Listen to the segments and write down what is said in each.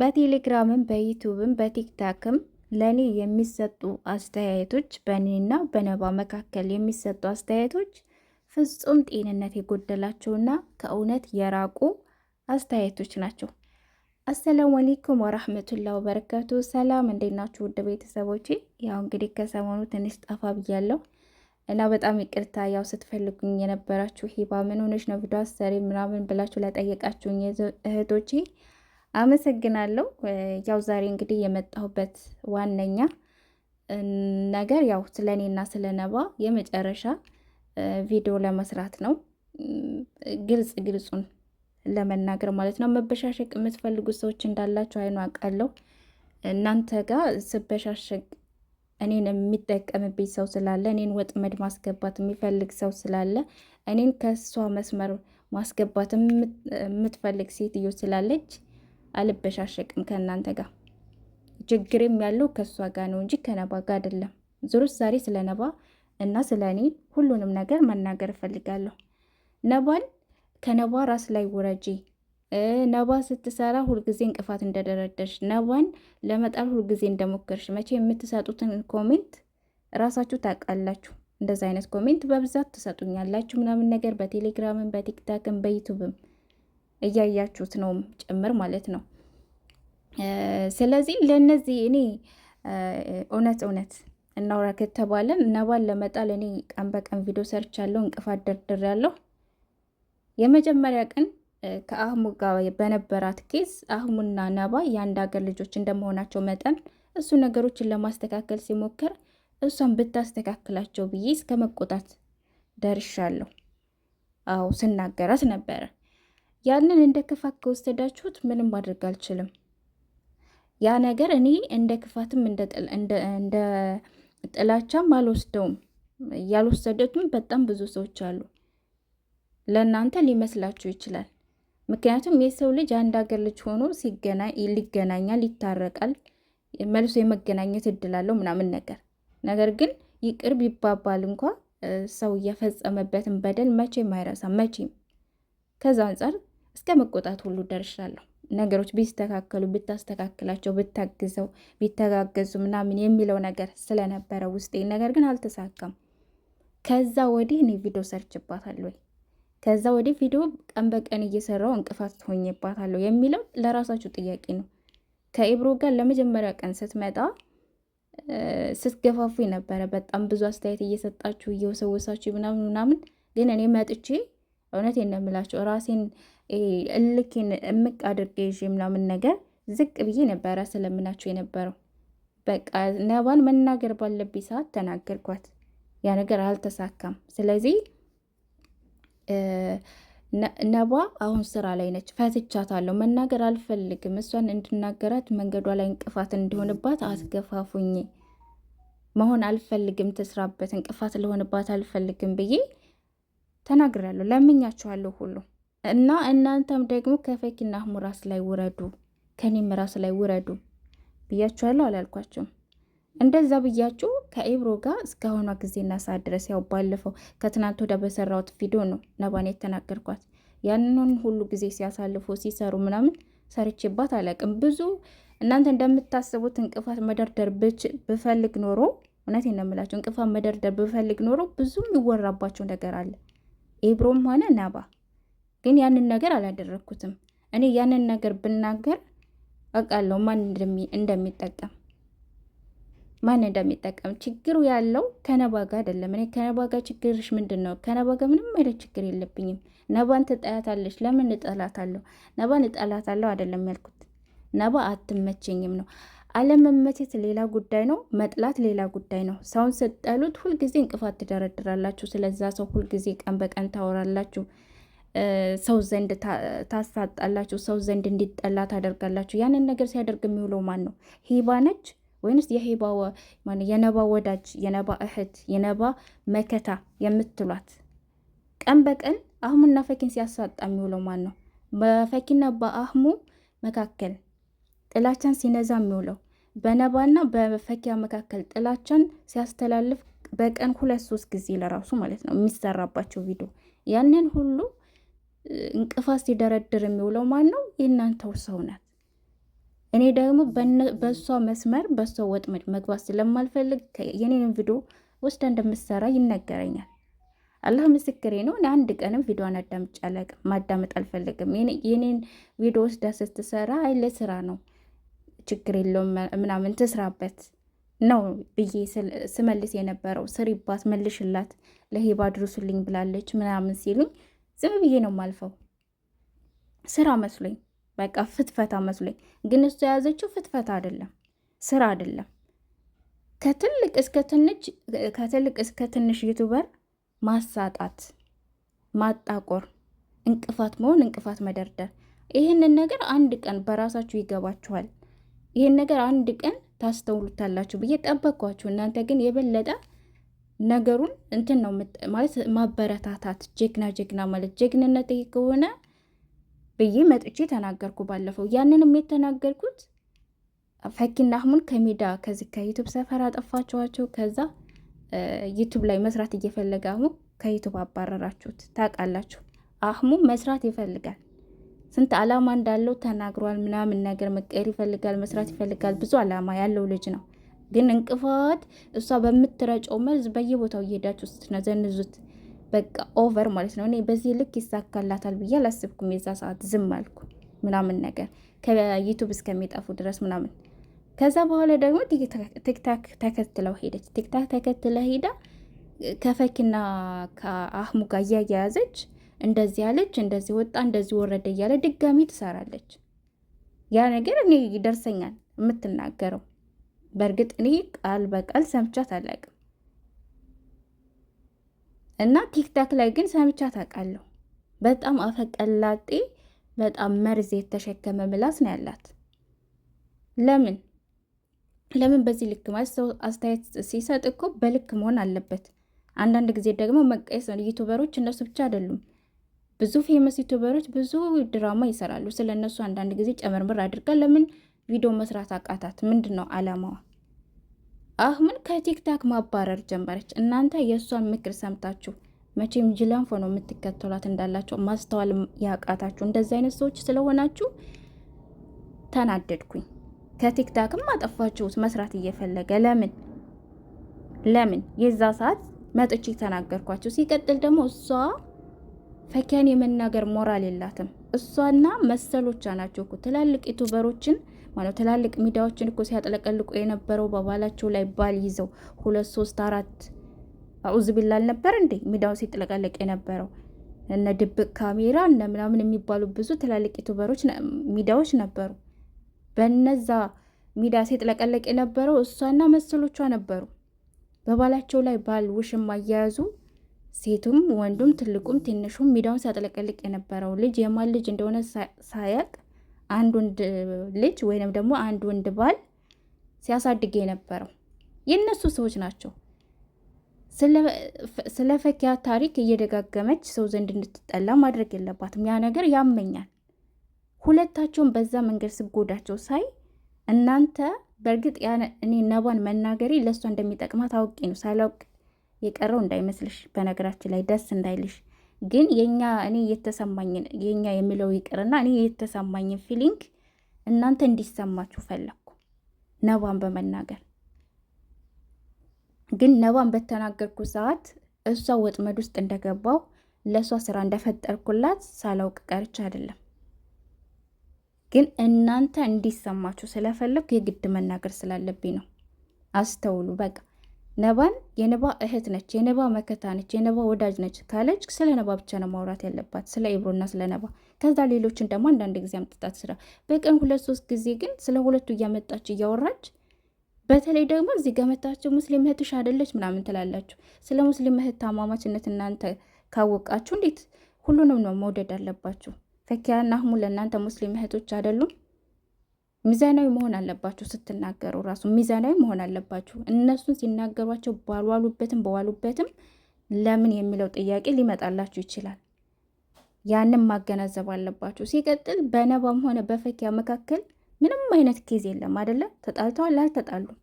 በቴሌግራምም በዩቱብም በቲክታክም ለእኔ የሚሰጡ አስተያየቶች በእኔና በነባ መካከል የሚሰጡ አስተያየቶች ፍጹም ጤንነት የጎደላቸውና ከእውነት የራቁ አስተያየቶች ናቸው። አሰላሙ አሌይኩም ወራህመቱላ ወበረካቱ። ሰላም እንዴት ናችሁ ውድ ቤተሰቦቼ? ያው እንግዲህ ከሰሞኑ ትንሽ ጠፋ ብያለሁ እና በጣም ይቅርታ ያው ስትፈልጉኝ የነበራችሁ ሂባ ምን ሆነች ነው ቪዲዮ አሰሪ ምናምን ብላችሁ ለጠየቃችሁኝ እህቶቼ አመሰግናለሁ። ያው ዛሬ እንግዲህ የመጣሁበት ዋነኛ ነገር ያው ስለ እኔና ስለ ነባ የመጨረሻ ቪዲዮ ለመስራት ነው። ግልጽ ግልጹን ለመናገር ማለት ነው። መበሻሸቅ የምትፈልጉት ሰዎች እንዳላቸው አይኑ አውቃለሁ። እናንተ ጋር ስበሻሸቅ እኔን የሚጠቀምብኝ ሰው ስላለ፣ እኔን ወጥመድ ማስገባት የሚፈልግ ሰው ስላለ፣ እኔን ከእሷ መስመር ማስገባት የምትፈልግ ሴትዮ ስላለች አልበሻሸቅም ከእናንተ ጋር ችግርም ያለው ከእሷ ጋር ነው እንጂ ከነባ ጋር አይደለም። ዙሩስ ዛሬ ስለ ነባ እና ስለ እኔ ሁሉንም ነገር መናገር እፈልጋለሁ። ነባን ከነባ ራስ ላይ ውረጂ። ነባ ስትሰራ ሁልጊዜ እንቅፋት እንደደረደርሽ፣ ነባን ለመጣል ሁልጊዜ እንደሞከርሽ፣ መቼ የምትሰጡትን ኮሜንት ራሳችሁ ታውቃላችሁ። እንደዚ አይነት ኮሜንት በብዛት ትሰጡኛላችሁ ምናምን ነገር በቴሌግራምም በቲክታክም በዩቱብም እያያችሁት ነው ጭምር ማለት ነው። ስለዚህ ለእነዚህ እኔ እውነት እውነት እናውራ ከተባለን ነባን ለመጣል እኔ ቀን በቀን ቪዲዮ ሰርቻለሁ፣ እንቅፋት ያለው የመጀመሪያ ቀን ከአህሙ ጋር በነበራት ኬዝ አህሙና ነባ የአንድ ሀገር ልጆች እንደመሆናቸው መጠን እሱ ነገሮችን ለማስተካከል ሲሞክር እሷን ብታስተካክላቸው ብዬ እስከ መቆጣት ደርሻለሁ። አዎ ስናገራት ነበረ። ያንን እንደ ክፋት ከወሰዳችሁት ምንም ማድረግ አልችልም። ያ ነገር እኔ እንደ ክፋትም እንደ ጥላቻም አልወስደውም። ያልወሰደቱም በጣም ብዙ ሰዎች አሉ። ለእናንተ ሊመስላችሁ ይችላል። ምክንያቱም የሰው ልጅ አንድ ሀገር ልጅ ሆኖ ሊገናኛል፣ ይታረቃል፣ መልሶ የመገናኘት እድል አለው ምናምን ነገር ነገር ግን ይቅር ቢባባል እንኳ ሰው የፈጸመበትን በደል መቼም አይረሳም መቼም ከዛ አንጻር እስከ መቆጣት ሁሉ ደርሻለሁ። ነገሮች ቢስተካከሉ ብታስተካክላቸው፣ ብታግዘው፣ ቢተጋገዙ ምናምን የሚለው ነገር ስለነበረ ውስጤ ነገር ግን አልተሳካም። ከዛ ወዲህ እኔ ቪዲዮ ሰርችባታለሁ። ከዛ ወዲህ ቪዲዮ ቀን በቀን እየሰራው እንቅፋት ሆኜባታለሁ የሚለው ለራሳችሁ ጥያቄ ነው። ከኢብሮ ጋር ለመጀመሪያ ቀን ስትመጣ ስትገፋፉ ነበረ። በጣም ብዙ አስተያየት እየሰጣችሁ እየወሰወሳችሁ ምናምን ምናምን፣ ግን እኔ መጥቼ እውነት የምላቸው ራሴን እልኬን እምቅ አድርጌ ይዤ ምናምን ነገር ዝቅ ብዬ ነበረ ስለምናቸው የነበረው። በቃ ነባን መናገር ባለብኝ ሰዓት ተናገርኳት። ያ ነገር አልተሳካም። ስለዚህ ነባ አሁን ስራ ላይ ነች። ፈትቻታለሁ። መናገር አልፈልግም። እሷን እንድናገራት መንገዷ ላይ እንቅፋት እንዲሆንባት አትገፋፉኝ። መሆን አልፈልግም። ትስራበት እንቅፋት ለሆንባት አልፈልግም ብዬ ተናግሬያለሁ። ለምኛችኋለሁ ሁሉ እና እናንተም ደግሞ ከፈኪና አህሙ ራስ ላይ ውረዱ፣ ከኔም ራስ ላይ ውረዱ ብያችኋለሁ። አላልኳችሁም? እንደዛ ብያችሁ ከኤብሮ ጋር እስካሁኗ ጊዜና ሰዓት ድረስ ያው ባለፈው ከትናንት ወዲያ በሰራሁት ቪዲዮ ነው ነባን የተናገርኳት። ያንን ሁሉ ጊዜ ሲያሳልፉ ሲሰሩ ምናምን ሰርቼባት አላቅም። ብዙ እናንተ እንደምታስቡት እንቅፋት መደርደር ብፈልግ ኖሮ እውነቴን ነው የምላችሁ፣ እንቅፋት መደርደር ብፈልግ ኖሮ ብዙ የሚወራባቸው ነገር አለ ኤብሮም ሆነ ነባ ግን ያንን ነገር አላደረግኩትም። እኔ ያንን ነገር ብናገር አውቃለሁ ማን እንደሚጠቀም ማን እንደሚጠቀም። ችግሩ ያለው ከነባ ጋ አይደለም። እኔ ከነባ ጋ ችግርሽ ምንድን ነው? ከነባ ጋ ምንም አይነት ችግር የለብኝም። ነባን ትጠላታለች። ለምን እጠላታለሁ? ነባን እጠላታለሁ አይደለም ያልኩት፣ ነባ አትመቸኝም ነው። አለመመቸት ሌላ ጉዳይ ነው። መጥላት ሌላ ጉዳይ ነው። ሰውን ስትጠሉት ሁልጊዜ እንቅፋት ትደረድራላችሁ። ስለዛ ሰው ሁልጊዜ ቀን በቀን ታወራላችሁ። ሰው ዘንድ ታሳጣላችሁ፣ ሰው ዘንድ እንዲጠላ ታደርጋላችሁ። ያንን ነገር ሲያደርግ የሚውለው ማን ነው? ሂባ ነች ወይንስ የሂባ የነባ ወዳጅ፣ የነባ እህት፣ የነባ መከታ የምትሏት? ቀን በቀን አህሙና ፈኪን ሲያሳጣ የሚውለው ማን ነው? በፈኪና በአህሙ መካከል ጥላቻን ሲነዛ የሚውለው በነባና በፈኪያ መካከል ጥላቻን ሲያስተላልፍ በቀን ሁለት ሶስት ጊዜ ለራሱ ማለት ነው የሚሰራባቸው ቪዲዮ ያንን ሁሉ እንቅፋት ሲደረድር የሚውለው ማን ነው? የእናንተው ሰው ናት። እኔ ደግሞ በእሷ መስመር በእሷ ወጥመድ መግባት ስለማልፈልግ የኔንም ቪዲዮ ወስዳ እንደምትሰራ ይነገረኛል። አላህ ምስክሬ ነው። አንድ ቀንም ቪዲዮን አዳምጬ አላቅም፣ ማዳመጥ አልፈልግም። የኔን ቪዲዮ ወስዳ ስትሰራ አይ ለስራ ነው ችግር የለውም ምናምን ትስራበት ነው ብዬ ስመልስ የነበረው ስሪባት፣ መልሽላት፣ ለሄባ ድርሱልኝ ብላለች ምናምን ሲሉኝ ዝም ብዬ ነው ማልፈው። ስራ መስሎኝ በቃ ፍትፈታ መስሎኝ፣ ግን እሱ የያዘችው ፍትፈታ አይደለም፣ ስራ አይደለም። ከትልቅ እስከ ትንሽ ከትልቅ እስከ ትንሽ ዩቱበር ማሳጣት፣ ማጣቆር፣ እንቅፋት መሆን፣ እንቅፋት መደርደር። ይህንን ነገር አንድ ቀን በራሳችሁ ይገባችኋል። ይህን ነገር አንድ ቀን ታስተውሉታላችሁ ብዬ ጠበቅኳችሁ። እናንተ ግን የበለጠ ነገሩን እንትን ነው ማለት ማበረታታት፣ ጀግና ጀግና ማለት ጀግንነት ይሄ ከሆነ ብዬ መጥቼ ተናገርኩ። ባለፈው ያንንም የተናገርኩት ፈኪና አህሙን ከሜዳ ከዚህ ከዩቱብ ሰፈር አጠፋችኋቸው። ከዛ ዩቱብ ላይ መስራት እየፈለገ አህሙ ከዩቱብ አባረራችሁት። ታውቃላችሁ፣ አህሙ መስራት ይፈልጋል። ስንት አላማ እንዳለው ተናግሯል። ምናምን ነገር መቀየር ይፈልጋል፣ መስራት ይፈልጋል። ብዙ አላማ ያለው ልጅ ነው። ግን እንቅፋት እሷ በምትረጨው መርዝ በየቦታው እየሄዳችሁ ስትነዘንዙት በቃ ኦቨር ማለት ነው። እኔ በዚህ ልክ ይሳካላታል ብዬ አላስብኩም። የዛ ሰዓት ዝም አልኩ ምናምን ነገር ከዩቱብ እስከሚጠፉ ድረስ ምናምን። ከዛ በኋላ ደግሞ ቲክታክ ተከትለው ሄደች። ቲክታክ ተከትለ ሄዳ ከፈኪና ከአህሙ ጋር እያያያዘች እንደዚህ አለች እንደዚህ ወጣ እንደዚህ ወረደ እያለ ድጋሚ ትሰራለች። ያ ነገር እኔ ይደርሰኛል የምትናገረው በእርግጥ እኔ ቃል በቃል ሰምቻት አላቅም እና ቲክታክ ላይ ግን ሰምቻት አውቃለሁ። በጣም አፈቀላጤ በጣም መርዝ የተሸከመ ምላስ ነው ያላት። ለምን ለምን በዚህ ልክ ማለት ሰው አስተያየት ሲሰጥ እኮ በልክ መሆን አለበት። አንዳንድ ጊዜ ደግሞ መቀየስ ነው። ዩቱበሮች እነሱ ብቻ አይደሉም፣ ብዙ ፌመስ ዩቱበሮች ብዙ ድራማ ይሰራሉ። ስለ እነሱ አንዳንድ ጊዜ ጨመርምር አድርጋ ለምን ቪዲዮ መስራት አቃታት። ምንድን ነው አላማዋ? አህሙን ከቲክታክ ማባረር ጀመረች። እናንተ የእሷን ምክር ሰምታችሁ መቼም ጅላንፎ ነው የምትከተሏት እንዳላቸው ማስተዋል ያቃታችሁ እንደዚህ አይነት ሰዎች ስለሆናችሁ ተናደድኩኝ። ከቲክታክም አጠፋችሁት። መስራት እየፈለገ ለምን ለምን የዛ ሰዓት መጥቼ ተናገርኳቸው። ሲቀጥል ደግሞ እሷ ፈኪያን የመናገር ሞራል የላትም። እሷና መሰሎቿ ናቸው እኮ ትላልቅ ዩቱበሮችን ማለት ትላልቅ ሚዲያዎችን እኮ ሲያጥለቀልቁ የነበረው በባላቸው ላይ ባል ይዘው ሁለት ሶስት አራት አዑዝ ቢላል ነበር እንዴ ሚዲያው ሲጥለቀለቅ የነበረው እነ ድብቅ ካሜራ እነ ምናምን የሚባሉ ብዙ ትላልቅ ዩቱበሮች ሚዲያዎች ነበሩ። በነዛ ሚዲያ ሲጥለቀለቅ የነበረው እሷና መሰሎቿ ነበሩ። በባላቸው ላይ ባል ውሽማ አያያዙ። ሴቱም ወንዱም ትልቁም ትንሹም ሜዳውን ሲያጥለቀልቅ የነበረው ልጅ የማን ልጅ እንደሆነ ሳያቅ አንድ ወንድ ልጅ ወይንም ደግሞ አንድ ወንድ ባል ሲያሳድግ የነበረው የእነሱ ሰዎች ናቸው። ስለ ፈኪያ ታሪክ እየደጋገመች ሰው ዘንድ እንድትጠላ ማድረግ የለባትም። ያ ነገር ያመኛል። ሁለታቸውን በዛ መንገድ ስጎዳቸው ሳይ እናንተ በእርግጥ እኔ ነባን መናገሬ ለእሷ እንደሚጠቅማት አውቄ ነው ሳላውቅ የቀረው እንዳይመስልሽ፣ በነገራችን ላይ ደስ እንዳይልሽ። ግን የኛ እኔ የተሰማኝን የኛ የሚለው ይቅርና እኔ የተሰማኝን ፊሊንግ እናንተ እንዲሰማችሁ ፈለግኩ ነባን በመናገር ግን ነባን በተናገርኩ ሰዓት እሷ ወጥመድ ውስጥ እንደገባው ለእሷ ስራ እንደፈጠርኩላት ሳላውቅ ቀርቻ አይደለም። ግን እናንተ እንዲሰማችሁ ስለፈለግኩ የግድ መናገር ስላለብኝ ነው። አስተውሉ በቃ ነባን የነባ እህት ነች፣ የነባ መከታ ነች፣ የነባ ወዳጅ ነች ካለች ስለ ነባ ብቻ ነው ማውራት ያለባት፣ ስለ ኢብሮና ስለ ነባ። ከዛ ሌሎችን ደግሞ አንዳንድ ጊዜ አምጥጣት ስራ በቀን ሁለት ሶስት ጊዜ ግን ስለ ሁለቱ እያመጣች እያወራች በተለይ ደግሞ እዚህ ገመታቸው ሙስሊም እህትሽ አይደለች ምናምን ትላላችሁ። ስለ ሙስሊም እህት ታማማችነት እናንተ ካወቃችሁ እንዴት ሁሉንም ነው መውደድ አለባችሁ። ፈኪያና አህሙ ለእናንተ ሙስሊም እህቶች አይደሉም? ሚዛናዊ መሆን አለባችሁ። ስትናገሩ ራሱ ሚዛናዊ መሆን አለባችሁ። እነሱን ሲናገሯቸው ባልዋሉበትም በዋሉበትም ለምን የሚለው ጥያቄ ሊመጣላችሁ ይችላል። ያንም ማገናዘብ አለባችሁ። ሲቀጥል በነባም ሆነ በፈኪያ መካከል ምንም አይነት ኬዝ የለም አደለ? ተጣልተዋል፣ አልተጣሉም።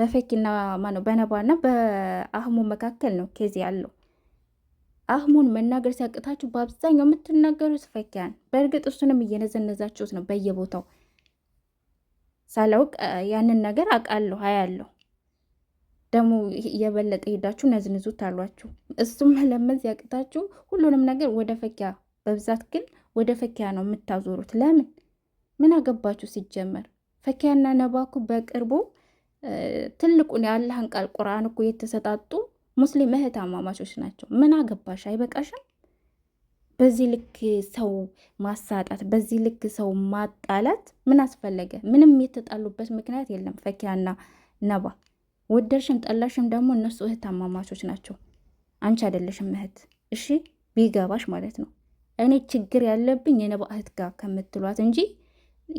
በፈኪና ማነው በነባና በአህሙ መካከል ነው ኬዝ ያለው። አህሙን መናገር ሲያቅታችሁ በአብዛኛው የምትናገሩት ፈኪያን። በእርግጥ እሱንም እየነዘነዛችሁት ነው በየቦታው ሳላውቅ ያንን ነገር አውቃለሁ፣ አያለሁ። ደግሞ የበለጠ ሄዳችሁ ነዝንዙት አሏችሁ። እሱም መለመዝ ያቅታችሁ ሁሉንም ነገር ወደ ፈኪያ በብዛት ግን ወደ ፈኪያ ነው የምታዞሩት። ለምን ምን አገባችሁ ሲጀመር? ፈኪያና ነባኩ በቅርቡ ትልቁን የአላህን ቃል ቁርአን እኮ የተሰጣጡ ሙስሊም እህት አማማቾች ናቸው። ምን አገባሽ? አይበቃሽም? በዚህ ልክ ሰው ማሳጣት፣ በዚህ ልክ ሰው ማጣላት ምን አስፈለገ? ምንም የተጣሉበት ምክንያት የለም። ፈኪያና ነባ ወደርሽም ጠላሽም ደግሞ እነሱ እህት አማማቾች ናቸው። አንቺ አይደለሽም እህት። እሺ ቢገባሽ ማለት ነው። እኔ ችግር ያለብኝ የነባ እህት ጋር ከምትሏት እንጂ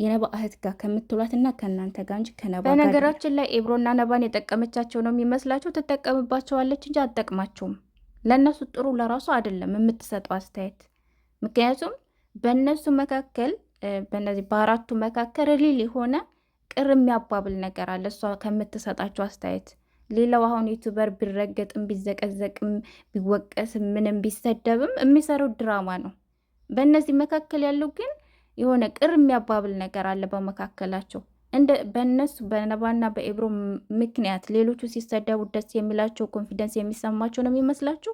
የነባ እህት ጋር ከምትሏት እና ከእናንተ ጋር እንጂ ከነባ በነገራችን ላይ ኤብሮና ነባን የጠቀመቻቸው ነው የሚመስላቸው። ትጠቀምባቸዋለች እንጂ አትጠቅማቸውም። ለእነሱ ጥሩ ለራሱ አይደለም የምትሰጠው አስተያየት ምክንያቱም በእነሱ መካከል በነዚህ በአራቱ መካከል ሪል የሆነ ቅር የሚያባብል ነገር አለ። እሷ ከምትሰጣቸው አስተያየት ሌላው አሁን ዩቱበር ቢረገጥም ቢዘቀዘቅም ቢወቀስም ምንም ቢሰደብም የሚሰሩት ድራማ ነው። በእነዚህ መካከል ያለው ግን የሆነ ቅር የሚያባብል ነገር አለ በመካከላቸው። እንደ በእነሱ በነባና በኤብሮ ምክንያት ሌሎቹ ሲሰደቡ ደስ የሚላቸው ኮንፊደንስ የሚሰማቸው ነው የሚመስላችሁ?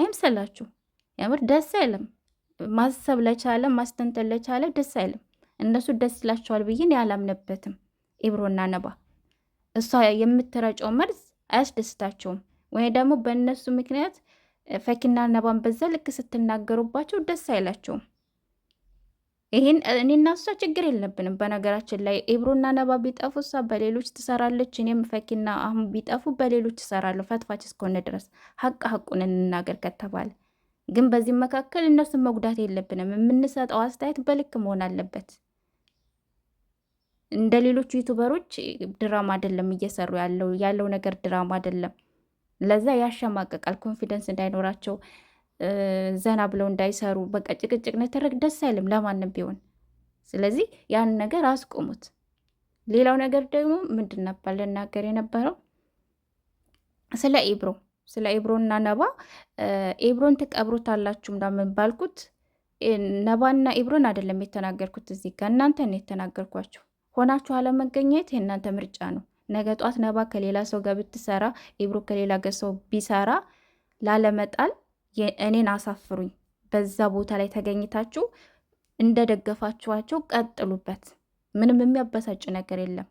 አይምሰላችሁ። የምር ደስ አይልም። ማሰብ ለቻለ ማስተንተን ለቻለ ደስ አይልም። እነሱ ደስ ይላቸዋል ብዬን ያላምንበትም ኢብሮና ነባ እሷ የምትረጨው መርዝ አያስደስታቸውም። ወይ ደግሞ በእነሱ ምክንያት ፈኪና ነባን በዛ ልክ ስትናገሩባቸው ደስ አይላቸውም። ይህን እኔና እሷ ችግር የለብንም። በነገራችን ላይ ኢብሮና ነባ ቢጠፉ እሷ በሌሎች ትሰራለች፣ እኔም ፈኪና አሁን ቢጠፉ በሌሎች ትሰራለሁ። ፈትፋች እስከሆነ ድረስ ሀቅ ሀቁን እንናገር ከተባለ ግን በዚህ መካከል እነሱን መጉዳት የለብንም። የምንሰጠው አስተያየት በልክ መሆን አለበት። እንደ ሌሎቹ ዩቱበሮች ድራማ አይደለም እየሰሩ ያለው ያለው ነገር ድራማ አይደለም። ለዛ ያሸማቀቃል። ኮንፊደንስ እንዳይኖራቸው ዘና ብለው እንዳይሰሩ በቃ ጭቅጭቅ ንትርክ ደስ አይልም ለማንም ቢሆን። ስለዚህ ያን ነገር አስቆሙት። ሌላው ነገር ደግሞ ምንድን ነበር ልናገር የነበረው ስለ ኢብሮ ስለ ኤብሮንና ነባ ኤብሮን ትቀብሩታላችሁ ምናምን ባልኩት ነባና ኤብሮን አይደለም የተናገርኩት። እዚህ ጋር እናንተ ነው የተናገርኳችሁ። ሆናችሁ አለመገኘት የእናንተ ምርጫ ነው። ነገ ጧት ነባ ከሌላ ሰው ጋር ብትሰራ፣ ኤብሮ ከሌላ ጋር ሰው ቢሰራ ላለመጣል እኔን አሳፍሩኝ። በዛ ቦታ ላይ ተገኝታችሁ እንደደገፋችኋቸው ቀጥሉበት። ምንም የሚያበሳጭ ነገር የለም።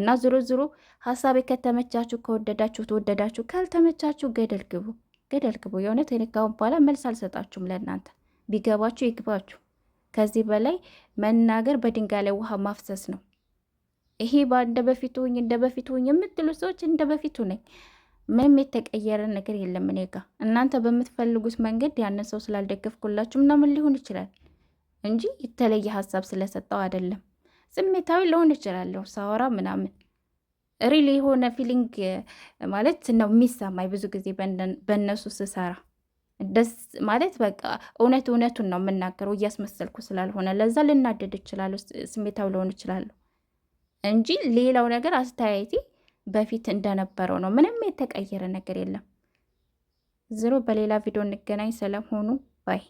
እና ዝሮ ዝሮ ሀሳቤ ከተመቻችሁ ከወደዳችሁ ተወደዳችሁ፣ ካልተመቻችሁ ገደል ግቡ፣ ገደል ግቡ። የእውነት እኔ ካሁን በኋላ መልስ አልሰጣችሁም ለእናንተ። ቢገባችሁ ይግባችሁ። ከዚህ በላይ መናገር በድንጋይ ላይ ውሃ ማፍሰስ ነው። ይሄ እንደ በፊቱ ሁኝ እንደ በፊቱ ሁኝ የምትሉ ሰዎች እንደ በፊቱ ነኝ። ምንም የተቀየረ ነገር የለም እኔ ጋ። እናንተ በምትፈልጉት መንገድ ያንን ሰው ስላልደገፍኩላችሁ ምናምን ሊሆን ይችላል እንጂ የተለየ ሀሳብ ስለሰጠው አይደለም። ስሜታዊ ልሆን እችላለሁ ሳወራ ምናምን ሪል የሆነ ፊሊንግ ማለት ነው የሚሰማኝ ብዙ ጊዜ በእነሱ ስሰራ ደስ ማለት በቃ እውነት እውነቱን ነው የምናገረው እያስመሰልኩ ስላልሆነ ለዛ ልናደድ እችላለሁ፣ ስሜታዊ ልሆን እችላለሁ እንጂ ሌላው ነገር አስተያየቴ በፊት እንደነበረው ነው። ምንም የተቀየረ ነገር የለም። ዝሮ በሌላ ቪዲዮ እንገናኝ። ሰላም ሆኑ ባይ